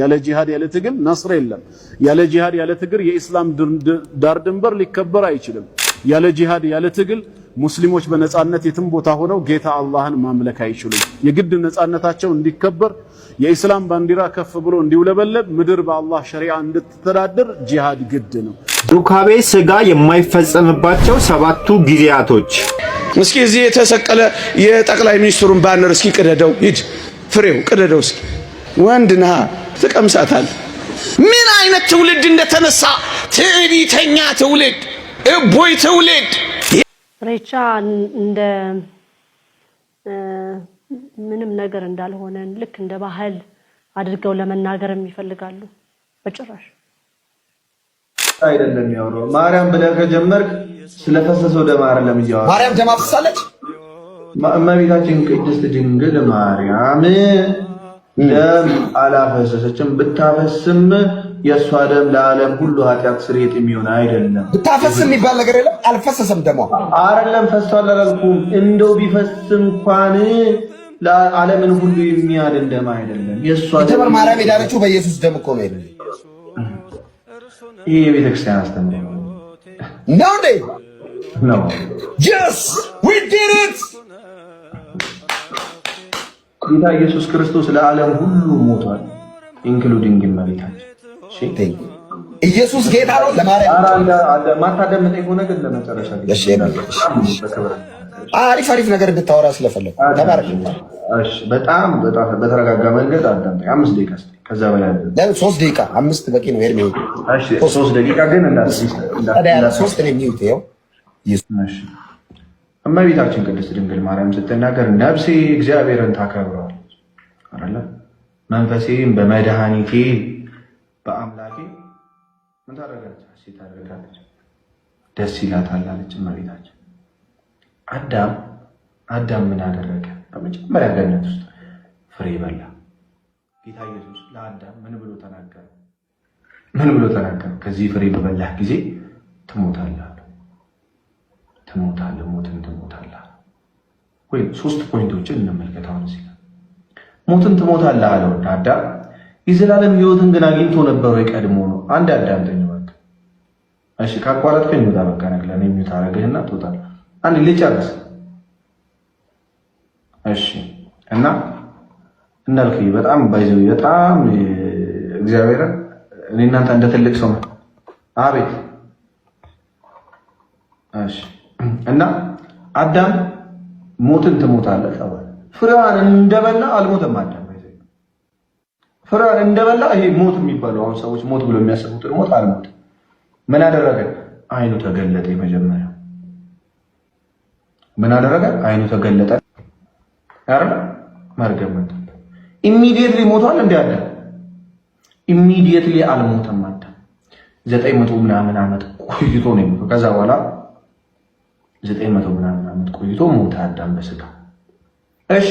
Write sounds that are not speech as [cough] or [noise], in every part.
ያለ ጂሃድ ያለ ትግል ነስር የለም። ያለ ጂሃድ ያለ ትግል የኢስላም ዳር ድንበር ሊከበር አይችልም። ያለ ጂሃድ ያለ ትግል ሙስሊሞች በነጻነት የትም ቦታ ሆነው ጌታ አላህን ማምለክ አይችሉም። የግድ ነጻነታቸው እንዲከበር የኢስላም ባንዲራ ከፍ ብሎ እንዲውለበለብ ምድር በአላህ ሸሪዓ እንድትተዳደር ጂሃድ ግድ ነው። ሩካቤ ስጋ የማይፈጸምባቸው ሰባቱ ጊዜያቶች። እስኪ እዚህ የተሰቀለ የጠቅላይ ሚኒስትሩን ባነር እስኪ ቅደደው፣ ሂድ ፍሬው ቅደደው እስኪ ወንድ ነሃ ትቀምሳታል። ምን አይነት ትውልድ እንደተነሳ! ትዕቢተኛ ትውልድ፣ እቦይ ትውልድ። ሬቻ እንደ ምንም ነገር እንዳልሆነ ልክ እንደ ባህል አድርገው ለመናገርም ይፈልጋሉ። በጭራሽ አይደለም የሚያወራው። ማርያም ብለህ ከጀመርክ ስለፈሰሰው ደም አይደለም እያወራሁ። ማርያም ደም አፍስሳለች። እመቤታችን ቅድስት ድንግል ማርያም ደም አላፈሰሰችም። ብታፈስም የእሷ ደም ለዓለም ሁሉ ኃጢአት ስርየት የሚሆን አይደለም። ብታፈስም የሚባል ነገር የለም። አልፈሰሰም። ደሞ አይደለም ፈሷል አላልኩም። እንደው ቢፈስ እንኳን ዓለምን ሁሉ የሚያድን ደም አይደለም። የእሷ ማርያም የዳነችው በኢየሱስ ደም እኮ ነው። አይደለም የቤተክርስቲያን አስተምሮ ነው እንዴ? ነው ስ ዊ ዲድ ኢት ጌታ ኢየሱስ ክርስቶስ ለዓለም ሁሉ ሞቷል፣ ኢንክሉዲንግ እመቤታችን። ኢየሱስ ጌታ ነው። ለማርያም ማታደምጠኝ ሆነ ግን ለመጨረሻ አሪፍ አሪፍ ነገር እንድታወራ ስለፈለኩ በጣም በተረጋጋ መንገድ አዳምጠኝ። አምስት ደቂቃ ከዛ በላይ ሶስት ደቂቃ አምስት በቂ ነው። ሄድ ሶስት ደቂቃ ግን እንዳሶስት ነው የሚውት ው እመቤታችን ቅድስት ድንግል ማርያም ስትናገር ነብሴ እግዚአብሔርን ታከብረዋለች አለ መንፈሴም በመድኃኒቴ በአምላኬ ምን ታደርጋለች? ታደርጋለች፣ ደስ ይላታል አለች እመቤታችን። አዳም አዳም ምን አደረገ? በመጀመሪያ ገነት ውስጥ ፍሬ በላ። ጌታ ኢየሱስ ለአዳም ምን ብሎ ተናገረ? ምን ብሎ ተናገረ? ከዚህ ፍሬ በበላህ ጊዜ ትሞታለህ ወይም ሶስት ፖይንቶችን እንመልከት። አሁን እዚህ ሞትን ትሞታለህ አለው አዳም የዘላለም ህይወትን ግን አግኝቶ ነበር ወይ ቀድሞ ነው። አንድ አዳም ተኝ በቃ እሺ፣ ካቋረጥከኝ ይወጣ በቃ ነግለ ነው የሚወጣ አረግህና ትወጣል። አንድ ልጨርስ እሺ። እና እንዳልከኝ በጣም ባይዘው በጣም እግዚአብሔር እኔ እናንተ እንደ ትልቅ ሰው ነው። አቤት እሺ። እና አዳም ሞትን ትሞታለህ ተባለ። ፍሬዋን እንደበላ አልሞተም አዳም። ፍሬዋን እንደበላ ይሄ ሞት የሚባለው አሁን ሰዎች ሞት ብሎ የሚያስቡትን ሞት አልሞትም። ምን አደረገ? አይኑ ተገለጠ። የመጀመሪያ ምን አደረገ? አይኑ ተገለጠ። አረ መርገም መጣ። ኢሚዲየትሊ ሞቷል። እንደ አለ ኢሚዲየትሊ አልሞተም። አዳም ዘጠኝ መቶ ምናምን ዓመት ቆይቶ ነው ከዛ በኋላ ዘጠኝ መቶ ምናምን ዓመት ቆይቶ ሞተ አዳም በስጋ እሺ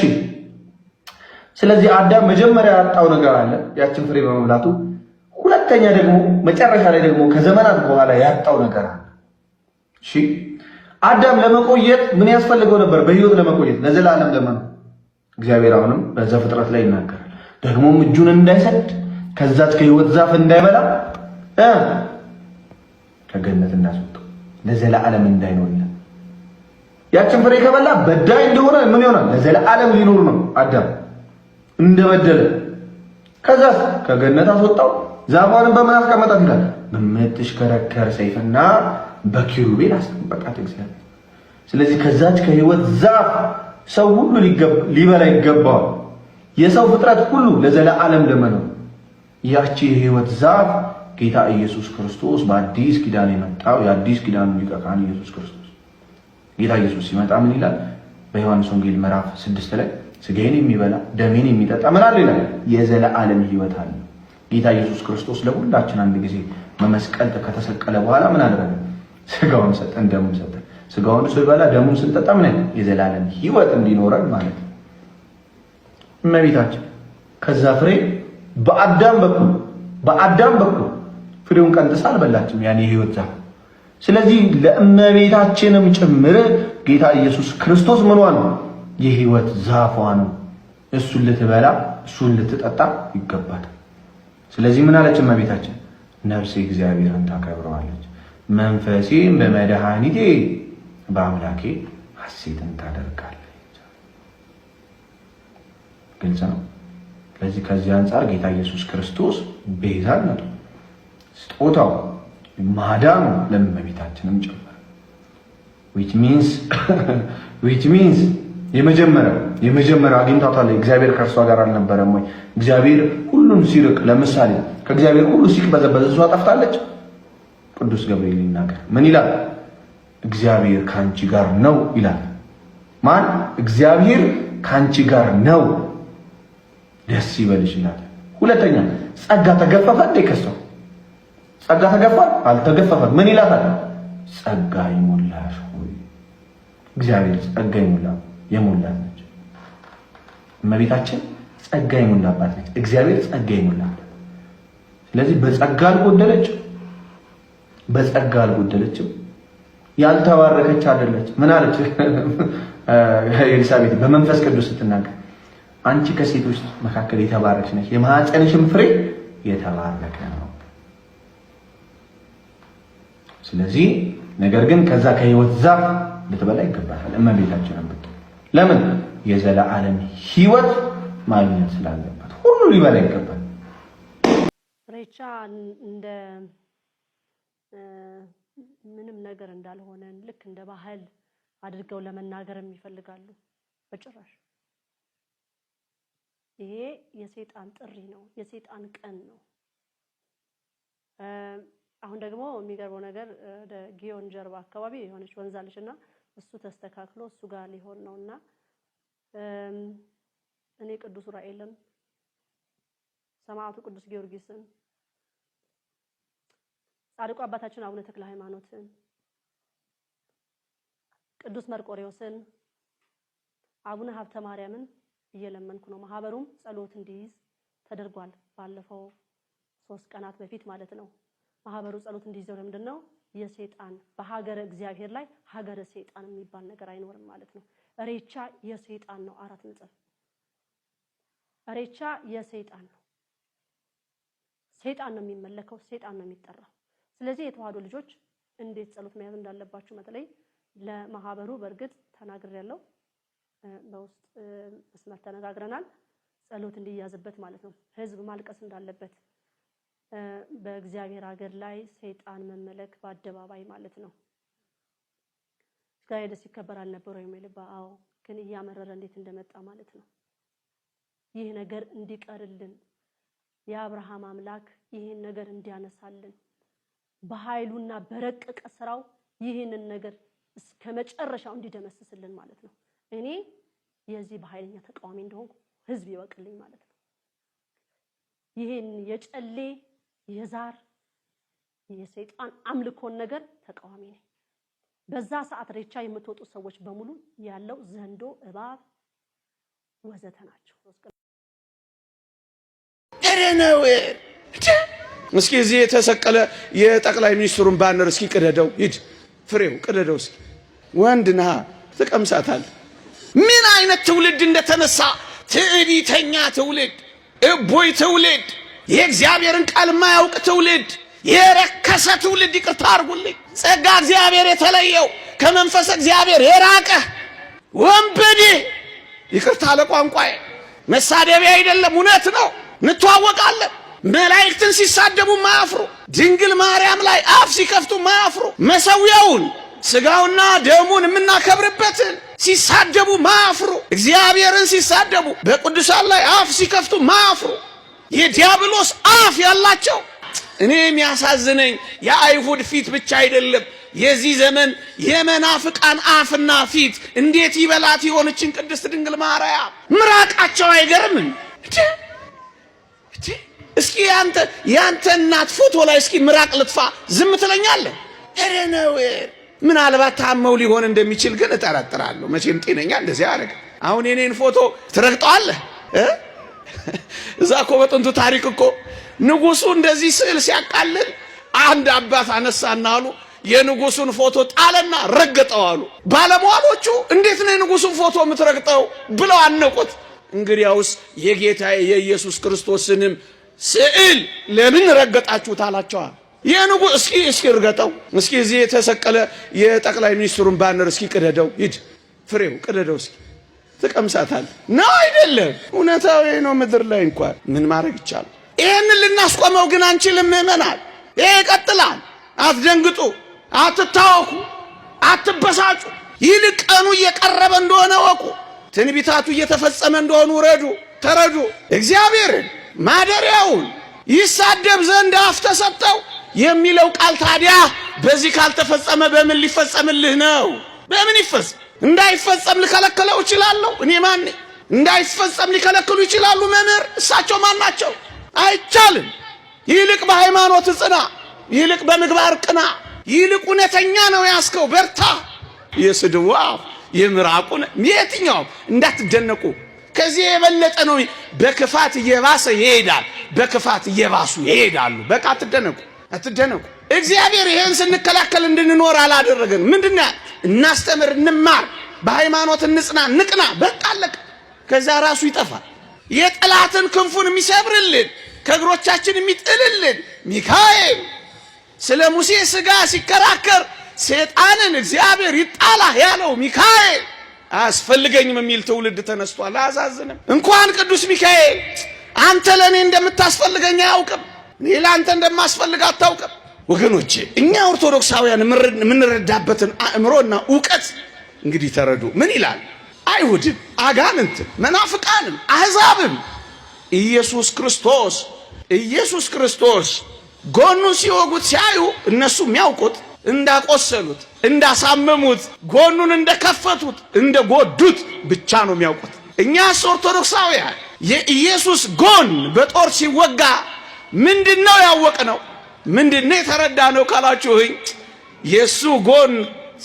ስለዚህ አዳም መጀመሪያ ያጣው ነገር አለ ያችን ፍሬ በመብላቱ ሁለተኛ ደግሞ መጨረሻ ላይ ደግሞ ከዘመናት በኋላ ያጣው ነገር አለ እሺ አዳም ለመቆየት ምን ያስፈልገው ነበር በህይወት ለመቆየት ለዘላለም ለመኖር እግዚአብሔር አሁንም በዛ ፍጥረት ላይ ይናገራል ደግሞም እጁን እንዳይሰድ ከዛች ከህይወት ዛፍ እንዳይበላ ከገነት ለዘላ ለዘላለም እንዳይኖር ያችን ፍሬ ከበላ በዳይ እንደሆነ ምን ይሆናል? ለዘላለም ሊኖር ነው አዳም እንደበደለ። ከዛ ከገነት አስወጣው። ዛፏንም በምን አስቀመጣት ይላል? በምትሽከረከር ሰይፍና በኪሩቤል አስቀመጣት እግዚአብሔር። ስለዚህ ከዛች ከህይወት ዛፍ ሰው ሁሉ ሊበላ ይገባዋል። የሰው ፍጥረት ሁሉ ለዘላለም ለመነው። ያቺ የህይወት ዛፍ ጌታ ኢየሱስ ክርስቶስ በአዲስ ኪዳን የመጣው የአዲስ ኪዳኑ ሊቀ ካህን ኢየሱስ ክርስቶስ ጌታ ኢየሱስ ሲመጣ ምን ይላል? በዮሐንስ ወንጌል ምዕራፍ ስድስት ላይ ስጋዬን የሚበላ ደሜን የሚጠጣ ምን አለ ይላል? የዘለዓለም ህይወት አለ። ጌታ ኢየሱስ ክርስቶስ ለሁላችን አንድ ጊዜ መመስቀል ከተሰቀለ በኋላ ምን አደረገ? ስጋውን ሰጠን፣ ደሙን ሰጠን። ስጋውን ስበላ ደሙን ስንጠጣ ምን አይነት የዘላለም ህይወት እንዲኖረን ማለት ነው። እመቤታችን ከዛ ፍሬ በአዳም በኩል በአዳም በኩል ፍሬውን ቀንጥሳ አልበላችም። ያኔ የሕይወት ዛፍ ስለዚህ ለእመቤታችንም ጭምር ጌታ ኢየሱስ ክርስቶስ ምኗ ነው? የህይወት ዛፏ ነው። እሱን ልትበላ እሱን ልትጠጣ ይገባል። ስለዚህ ምን አለች እመቤታችን? ነፍሴ እግዚአብሔርን ታከብረዋለች፣ መንፈሴም በመድኃኒቴ በአምላኬ ሐሴትን ታደርጋለች። ግልጽ ነው። ስለዚህ ከዚህ አንጻር ጌታ ኢየሱስ ክርስቶስ ቤዛነቱ ስጦታው ማዳኑ ለእመቤታችንም ጭምር ዊች ሚንስ ዊች ሚንስ የመጀመሪያው የመጀመሪያው አግኝቷታል። እግዚአብሔር ከእርሷ ጋር አልነበረም ወይ? እግዚአብሔር ሁሉን ሲርቅ፣ ለምሳሌ ከእግዚአብሔር ሁሉ ሲቅበዘበዝ እሷ ጠፍታለች። ቅዱስ ገብርኤል ይናገር ምን ይላል? እግዚአብሔር ከአንቺ ጋር ነው ይላል። ማን? እግዚአብሔር ከአንቺ ጋር ነው፣ ደስ ይበልሽ ይላል። ሁለተኛ ጸጋ ተገፈፈ እንዴ ከሰው ጸጋ ተገፋል አልተገፈፈም። ምን ይላታል? ጸጋ ይሞላሽ ሆይ እግዚአብሔር ጸጋ ይሞላ የሞላት ነች እመቤታችን ጸጋ ይሞላባት ነች። እግዚአብሔር ጸጋ ይሞላባት። ስለዚህ በጸጋ አልጎደለችም፣ በጸጋ አልጎደለችም። ያልተባረከች አይደለች። ምን አለች [laughs] ኤልሳቤት በመንፈስ ቅዱስ ስትናገር አንቺ ከሴቶች መካከል የተባረክሽ ነች፣ የማኅፀንሽም ፍሬ የተባረከ ነው። ስለዚህ ነገር ግን ከዛ ከህይወት ዛፍ ልትበላ ይገባል እመቤታችንን ብት ለምን የዘላለም ህይወት ማግኘት ስላለበት ሁሉ ሊበላ ይገባል። ሬቻ እንደ ምንም ነገር እንዳልሆነ ልክ እንደ ባህል አድርገው ለመናገርም ይፈልጋሉ። በጭራሽ ይሄ የሴጣን ጥሪ ነው፣ የሴጣን ቀን ነው። አሁን ደግሞ የሚገርበው ነገር ወደ ጊዮን ጀርባ አካባቢ የሆነች ወንዛለች እና እሱ ተስተካክሎ እሱ ጋር ሊሆን ነው እና እኔ ቅዱስ ዑራኤልን ሰማዕቱ ቅዱስ ጊዮርጊስን ጻድቁ አባታችን አቡነ ተክለ ሃይማኖትን ቅዱስ መርቆሬዎስን አቡነ ሀብተ ማርያምን እየለመንኩ ነው። ማህበሩም ጸሎት እንዲይዝ ተደርጓል። ባለፈው ሶስት ቀናት በፊት ማለት ነው። ማህበሩ ጸሎት እንዲይዘው ለምንድን ነው የሰይጣን በሀገረ እግዚአብሔር ላይ ሀገረ ሰይጣን የሚባል ነገር አይኖርም ማለት ነው። እሬቻ የሰይጣን ነው። አራት ነጥብ። እሬቻ የሰይጣን ነው። ሰይጣን ነው የሚመለከው፣ ሰይጣን ነው የሚጠራው። ስለዚህ የተዋህዶ ልጆች እንዴት ጸሎት መያዝ እንዳለባቸው በተለይ ለማህበሩ በእርግጥ ተናግሬያለሁ። በውስጥ መስመር ተነጋግረናል። ጸሎት እንዲያዝበት ማለት ነው። ህዝብ ማልቀስ እንዳለበት በእግዚአብሔር ሀገር ላይ ሰይጣን መመለክ በአደባባይ ማለት ነው። እስራኤል ሲከበር አልነበረ የሚል አዎ፣ ግን እያመረረ እንዴት እንደመጣ ማለት ነው። ይህ ነገር እንዲቀርልን የአብርሃም አምላክ ይህን ነገር እንዲያነሳልን በኃይሉና በረቀቀ ስራው ይህንን ነገር እስከ መጨረሻው እንዲደመስስልን ማለት ነው። እኔ የዚህ በኃይለኛ ተቃዋሚ እንደሆንኩ ህዝብ ይወቅልኝ ማለት ነው። ይህን የጨሌ የዛር የሰይጣን አምልኮን ነገር ተቃዋሚ ነኝ። በዛ ሰዓት ሬቻ የምትወጡ ሰዎች በሙሉ ያለው ዘንዶ፣ እባብ ወዘተ ናቸው። ነው እስኪ እዚህ የተሰቀለ የጠቅላይ ሚኒስትሩን ባነር እስኪ ቅደደው፣ ሂድ ፍሬው ቅደደው። እስኪ ወንድ ነሃ ትቀምሳታል። ምን አይነት ትውልድ እንደተነሳ ትዕቢተኛ ትውልድ፣ እቦይ ትውልድ የእግዚአብሔርን ቃል ማያውቅ ትውልድ የረከሰ ትውልድ ይቅርታ አርጉልኝ። ጸጋ እግዚአብሔር የተለየው ከመንፈስ እግዚአብሔር የራቀ ወንበዴ፣ ይቅርታ ለቋንቋዬ መሳደቢያ አይደለም፣ እውነት ነው። እንተዋወቃለን። መላእክትን ሲሳደቡ ማያፍሩ፣ ድንግል ማርያም ላይ አፍ ሲከፍቱ ማያፍሩ፣ መሰዊያውን ስጋውና ደሙን የምናከብርበትን ሲሳደቡ ማያፍሩ፣ እግዚአብሔርን ሲሳደቡ በቅዱሳን ላይ አፍ ሲከፍቱ ማያፍሩ የዲያብሎስ አፍ ያላቸው። እኔ የሚያሳዝነኝ የአይሁድ ፊት ብቻ አይደለም፣ የዚህ ዘመን የመናፍቃን አፍና ፊት እንዴት ይበላት የሆነችን ቅድስት ድንግል ማርያም ምራቃቸው አይገርምም? እስኪ ያንተ ያንተ እናት ፎቶ ላይ እስኪ ምራቅ ልጥፋ ዝም ትለኛለህ? ኧረ ነው። ምናልባት ታመው ሊሆን እንደሚችል ግን እጠረጥራለሁ። መቼም ጤነኛ እንደዚህ አረግ። አሁን የኔን ፎቶ ትረግጠዋለህ? እዛ እኮ በጥንቱ ታሪክ እኮ ንጉሱ እንደዚህ ስዕል ሲያቃልል አንድ አባት አነሳና አሉ የንጉሱን ፎቶ ጣለና ረገጠው አሉ። ባለሟሎቹ እንዴት ነው የንጉሱን ፎቶ የምትረግጠው ብለው አነቁት። እንግዲያውስ የጌታ የኢየሱስ ክርስቶስንም ስዕል ለምን ረገጣችሁት አላቸዋል። የንጉ እስኪ እስኪ እርገጠው እስኪ እዚህ የተሰቀለ የጠቅላይ ሚኒስትሩን ባነር እስኪ ቅደደው፣ ሂድ ፍሬው ቅደደው እስኪ ትቀምሳታል ነው አይደለም? እውነታዊ ነው። ምድር ላይ እንኳን ምን ማድረግ ይቻላል? ይህንን ልናስቆመው ግን አንችልም። ይመናል ይሄ ይቀጥላል። አትደንግጡ፣ አትታወኩ፣ አትበሳጩ። ይልቀኑ ቀኑ እየቀረበ እንደሆነ ወቁ። ትንቢታቱ እየተፈጸመ እንደሆኑ ረዱ፣ ተረዱ። እግዚአብሔርን ማደሪያውን ይሳደብ ዘንድ አፍ ተሰጠው የሚለው ቃል ታዲያ በዚህ ካልተፈጸመ በምን ሊፈጸምልህ ነው? በምን ይፈጸም? እንዳይፈጸም ልከለክለው እችላለሁ? እኔ ማን እንዳይፈጸም ሊከለክሉ ይችላሉ መምህር? እሳቸው ማን ናቸው? አይቻልም። ይልቅ በሃይማኖት ጽና፣ ይልቅ በምግባር ቅና፣ ይልቅ እውነተኛ ነው ያስከው በርታ። የስድዋ የምራቁ የትኛውም እንዳትደነቁ። ከዚህ የበለጠ ነው። በክፋት እየባሰ ይሄዳል። በክፋት እየባሱ ይሄዳሉ። በቃ አትደነቁ፣ አትደነቁ። እግዚአብሔር ይሄን ስንከላከል እንድንኖር አላደረገን። ምንድን እናስተምር፣ እንማር፣ በሃይማኖት እንጽና፣ ንቅና። በቃ አለቀ። ከዛ ራሱ ይጠፋል። የጠላትን ክንፉን የሚሰብርልን ከእግሮቻችን የሚጥልልን ሚካኤል ስለ ሙሴ ሥጋ ሲከራከር ሰይጣንን እግዚአብሔር ይጣላ ያለው ሚካኤል አያስፈልገኝም የሚል ትውልድ ተነስቷል። አያሳዝንም? እንኳን ቅዱስ ሚካኤል አንተ ለእኔ እንደምታስፈልገኝ አያውቅም። እኔ ለአንተ እንደማስፈልግ አታውቅም። ወገኖቼ እኛ ኦርቶዶክሳውያን የምንረዳበትን አእምሮና እውቀት እንግዲህ ተረዱ። ምን ይላል? አይሁድም፣ አጋንንትም፣ መናፍቃንም፣ አሕዛብም ኢየሱስ ክርስቶስ ኢየሱስ ክርስቶስ ጎኑ ሲወጉት ሲያዩ እነሱ የሚያውቁት እንዳቆሰሉት፣ እንዳሳመሙት፣ ጎኑን እንደከፈቱት፣ እንደጎዱት ብቻ ነው የሚያውቁት። እኛስ ኦርቶዶክሳውያን የኢየሱስ ጎን በጦር ሲወጋ ምንድን ነው ያወቅነው? ምንድነው የተረዳ ነው ካላችሁኝ፣ የእሱ ጎን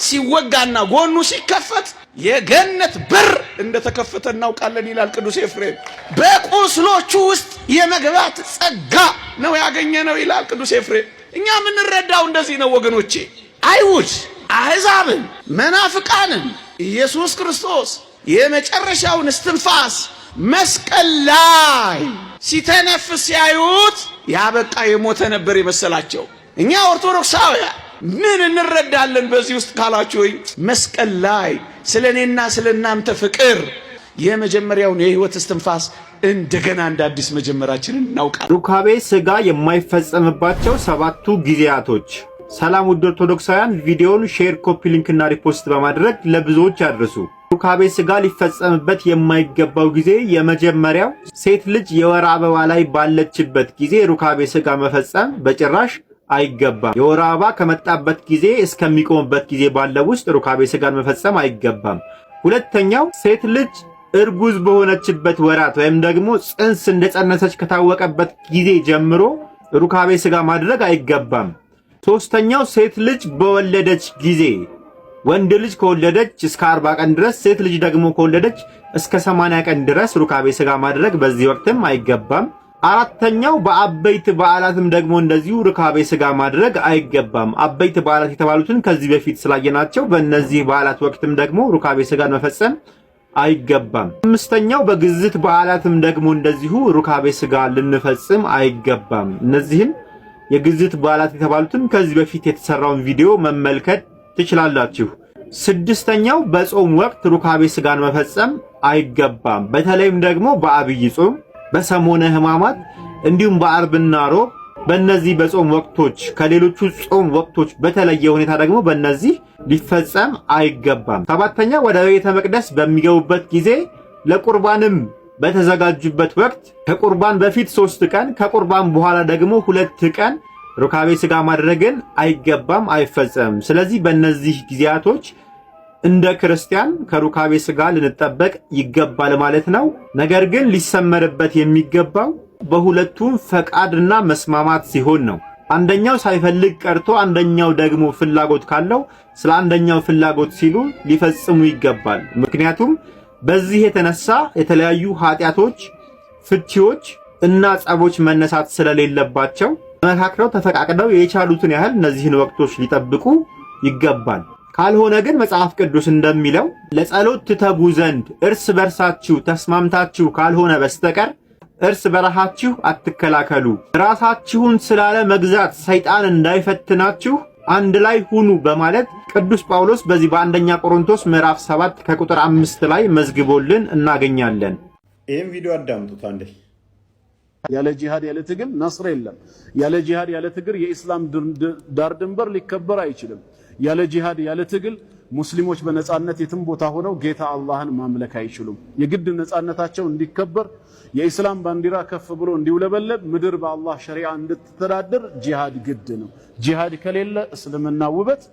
ሲወጋና ጎኑ ሲከፈት የገነት በር እንደተከፈተ እናውቃለን ይላል ቅዱስ ኤፍሬም። በቁስሎቹ ውስጥ የመግባት ጸጋ ነው ያገኘ ነው ይላል ቅዱስ ኤፍሬም። እኛ የምንረዳው እንደዚህ ነው ወገኖቼ። አይሁድ አሕዛብን፣ መናፍቃንን ኢየሱስ ክርስቶስ የመጨረሻውን እስትንፋስ መስቀል ላይ ሲተነፍስ ሲያዩት ያ በቃ የሞተ ነበር የመሰላቸው። እኛ ኦርቶዶክሳውያን ምን እንረዳለን በዚህ ውስጥ ወይ መስቀል ላይ ስለ እኔና ስለ እናንተ ፍቅር የመጀመሪያውን የህይወት እስትንፋስ እንደገና እንደ አዲስ መጀመራችንን እናውቃለን። ሩካቤ ስጋ የማይፈጸምባቸው ሰባቱ ጊዜያቶች ሰላም ውድ ኦርቶዶክሳውያን፣ ቪዲዮውን ሼር፣ ኮፒ ሊንክ እና ሪፖስት በማድረግ ለብዙዎች አድርሱ። ሩካቤ ስጋ ሊፈጸምበት የማይገባው ጊዜ የመጀመሪያው ሴት ልጅ የወር አበባ ላይ ባለችበት ጊዜ ሩካቤ ስጋ መፈጸም በጭራሽ አይገባም። የወር አበባ ከመጣበት ጊዜ እስከሚቆምበት ጊዜ ባለው ውስጥ ሩካቤ ስጋን መፈጸም አይገባም። ሁለተኛው ሴት ልጅ እርጉዝ በሆነችበት ወራት ወይም ደግሞ ጽንስ እንደጸነሰች ከታወቀበት ጊዜ ጀምሮ ሩካቤ ስጋ ማድረግ አይገባም። ሶስተኛው ሴት ልጅ በወለደች ጊዜ ወንድ ልጅ ከወለደች እስከ 40 ቀን ድረስ ሴት ልጅ ደግሞ ከወለደች እስከ 80 ቀን ድረስ ሩካቤ ስጋ ማድረግ በዚህ ወቅትም አይገባም። አራተኛው በአበይት በዓላትም ደግሞ እንደዚሁ ሩካቤ ስጋ ማድረግ አይገባም። አበይት በዓላት የተባሉትን ከዚህ በፊት ስላየናቸው በእነዚህ በዓላት ወቅትም ደግሞ ሩካቤ ስጋን መፈጸም አይገባም። አምስተኛው በግዝት በዓላትም ደግሞ እንደዚሁ ሩካቤ ስጋ ልንፈጽም አይገባም። እነዚህም የግዝት በዓላት የተባሉትን ከዚህ በፊት የተሰራውን ቪዲዮ መመልከት ትችላላችሁ። ስድስተኛው በጾም ወቅት ሩካቤ ስጋን መፈጸም አይገባም። በተለይም ደግሞ በአብይ ጾም፣ በሰሞነ ህማማት እንዲሁም በአርብና ሮብ በእነዚህ በጾም ወቅቶች ከሌሎቹ ጾም ወቅቶች በተለየ ሁኔታ ደግሞ በእነዚህ ሊፈጸም አይገባም። ሰባተኛ ወደ ቤተ መቅደስ በሚገቡበት ጊዜ ለቁርባንም በተዘጋጁበት ወቅት ከቁርባን በፊት ሶስት ቀን ከቁርባን በኋላ ደግሞ ሁለት ቀን ሩካቤ ስጋ ማድረግን አይገባም፣ አይፈጸምም። ስለዚህ በእነዚህ ጊዜያቶች እንደ ክርስቲያን ከሩካቤ ስጋ ልንጠበቅ ይገባል ማለት ነው። ነገር ግን ሊሰመርበት የሚገባው በሁለቱም ፈቃድና መስማማት ሲሆን ነው። አንደኛው ሳይፈልግ ቀርቶ አንደኛው ደግሞ ፍላጎት ካለው ስለ አንደኛው ፍላጎት ሲሉ ሊፈጽሙ ይገባል። ምክንያቱም በዚህ የተነሳ የተለያዩ ኃጢአቶች፣ ፍቺዎች እና ጸቦች መነሳት ስለሌለባቸው ተመካክረው ተፈቃቅደው የቻሉትን ያህል እነዚህን ወቅቶች ሊጠብቁ ይገባል። ካልሆነ ግን መጽሐፍ ቅዱስ እንደሚለው ለጸሎት ትተጉ ዘንድ እርስ በርሳችሁ ተስማምታችሁ ካልሆነ በስተቀር እርስ በረሃችሁ አትከላከሉ፣ ራሳችሁን ስላለ መግዛት ሰይጣን እንዳይፈትናችሁ አንድ ላይ ሁኑ በማለት ቅዱስ ጳውሎስ በዚህ በአንደኛ ቆሮንቶስ ምዕራፍ 7 ከቁጥር አምስት ላይ መዝግቦልን እናገኛለን። ይህም ቪዲዮ አዳምጡት አንዴ። ያለ ጂሃድ ያለ ትግል ነስር የለም። ያለ ጂሃድ ያለ ትግል የኢስላም ዳር ድንበር ሊከበር አይችልም። ያለ ጂሃድ ያለ ትግል ሙስሊሞች በነፃነት የትም ቦታ ሆነው ጌታ አላህን ማምለክ አይችሉም። የግድ ነፃነታቸው እንዲከበር የኢስላም ባንዲራ ከፍ ብሎ እንዲውለበለብ ምድር በአላህ ሸሪዓ እንድትተዳደር ጂሃድ ግድ ነው። ጂሃድ ከሌለ እስልምና ውበት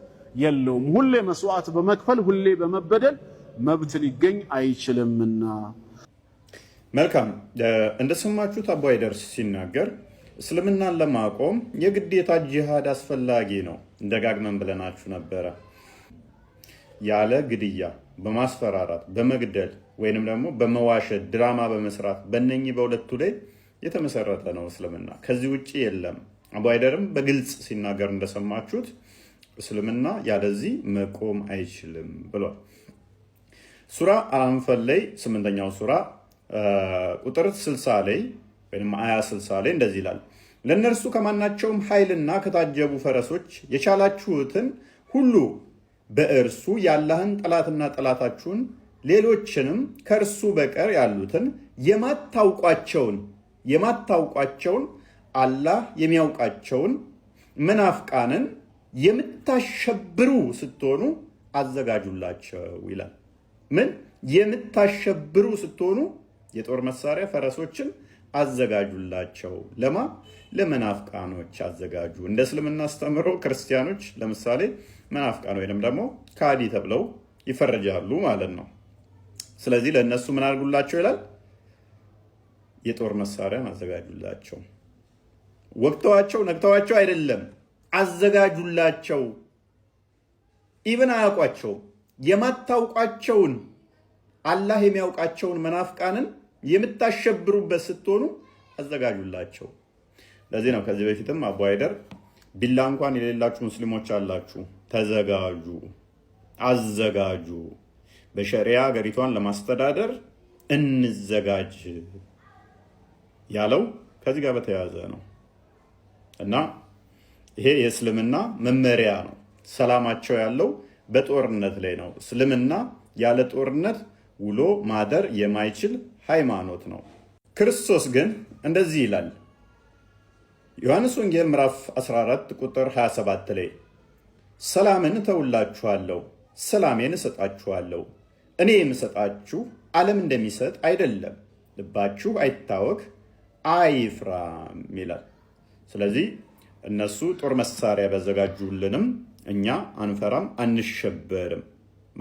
የለውም። ሁሌ መስዋዕት በመክፈል ሁሌ በመበደል መብት ሊገኝ አይችልምና። መልካም እንደሰማችሁት አቡ አይደርስ ሲናገር እስልምናን ለማቆም የግዴታ ጂሃድ አስፈላጊ ነው። ደጋግመን ብለናችሁ ነበረ። ያለ ግድያ በማስፈራራት በመግደል ወይንም ደግሞ በመዋሸት ድራማ በመስራት በነኚህ በሁለቱ ላይ የተመሰረተ ነው እስልምና። ከዚህ ውጭ የለም። አቡ አይደርም በግልጽ ሲናገር እንደሰማችሁት እስልምና ያለዚህ መቆም አይችልም ብሏል። ሱራ አንፈል ላይ ስምንተኛው ሱራ ቁጥር 60 ላይ ወይም አያ 60 ላይ እንደዚህ ይላል፣ ለእነርሱ ከማናቸውም ኃይልና ከታጀቡ ፈረሶች የቻላችሁትን ሁሉ በእርሱ የአላህን ጠላትና ጠላታችሁን ሌሎችንም ከእርሱ በቀር ያሉትን የማታውቋቸውን የማታውቋቸውን አላህ የሚያውቃቸውን መናፍቃንን የምታሸብሩ ስትሆኑ አዘጋጁላቸው ይላል። ምን የምታሸብሩ ስትሆኑ የጦር መሳሪያ ፈረሶችን አዘጋጁላቸው። ለማ ለመናፍቃኖች አዘጋጁ። እንደ እስልምና አስተምሮ ክርስቲያኖች ለምሳሌ መናፍቃን ወይም ደግሞ ካዲ ተብለው ይፈረጃሉ ማለት ነው። ስለዚህ ለእነሱ ምን አድርጉላቸው ይላል? የጦር መሳሪያ አዘጋጁላቸው። ወቅተዋቸው ነግተዋቸው አይደለም፣ አዘጋጁላቸው። ኢብን አያውቋቸው የማታውቋቸውን አላህ የሚያውቃቸውን መናፍቃንን የምታሸብሩበት ስትሆኑ አዘጋጁላቸው። ለዚህ ነው ከዚህ በፊትም አቡ ቢላ እንኳን የሌላችሁ ሙስሊሞች አላችሁ ተዘጋጁ፣ አዘጋጁ። በሸሪያ ሀገሪቷን ለማስተዳደር እንዘጋጅ ያለው ከዚህ ጋር በተያያዘ ነው እና ይሄ የእስልምና መመሪያ ነው። ሰላማቸው ያለው በጦርነት ላይ ነው። እስልምና ያለ ጦርነት ውሎ ማደር የማይችል ሃይማኖት ነው። ክርስቶስ ግን እንደዚህ ይላል። ዮሐንስ ወንጌል ምዕራፍ 14 ቁጥር 27 ላይ ሰላምን እተውላችኋለሁ፣ ሰላሜን እሰጣችኋለሁ። እኔ የምሰጣችሁ ዓለም እንደሚሰጥ አይደለም። ልባችሁ አይታወክ አይፍራም ይላል። ስለዚህ እነሱ ጦር መሳሪያ ቢያዘጋጁልንም እኛ አንፈራም፣ አንሸበርም።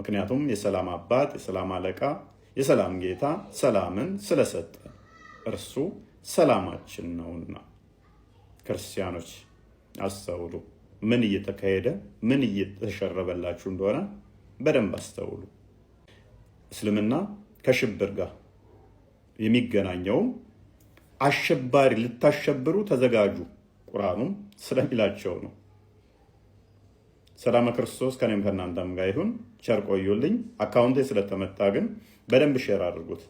ምክንያቱም የሰላም አባት፣ የሰላም አለቃ፣ የሰላም ጌታ ሰላምን ስለሰጠ እርሱ ሰላማችን ነውና። ክርስቲያኖች አስተውሉ። ምን እየተካሄደ ምን እየተሸረበላችሁ እንደሆነ በደንብ አስተውሉ። እስልምና ከሽብር ጋር የሚገናኘውም አሸባሪ ልታሸብሩ ተዘጋጁ ቁርአኑም ስለሚላቸው ነው። ሰላም ክርስቶስ ከኔም ከእናንተም ጋር ይሁን። ቸር ቆዩልኝ። አካውንቴ ስለተመታ ግን በደንብ ሼር አድርጉት።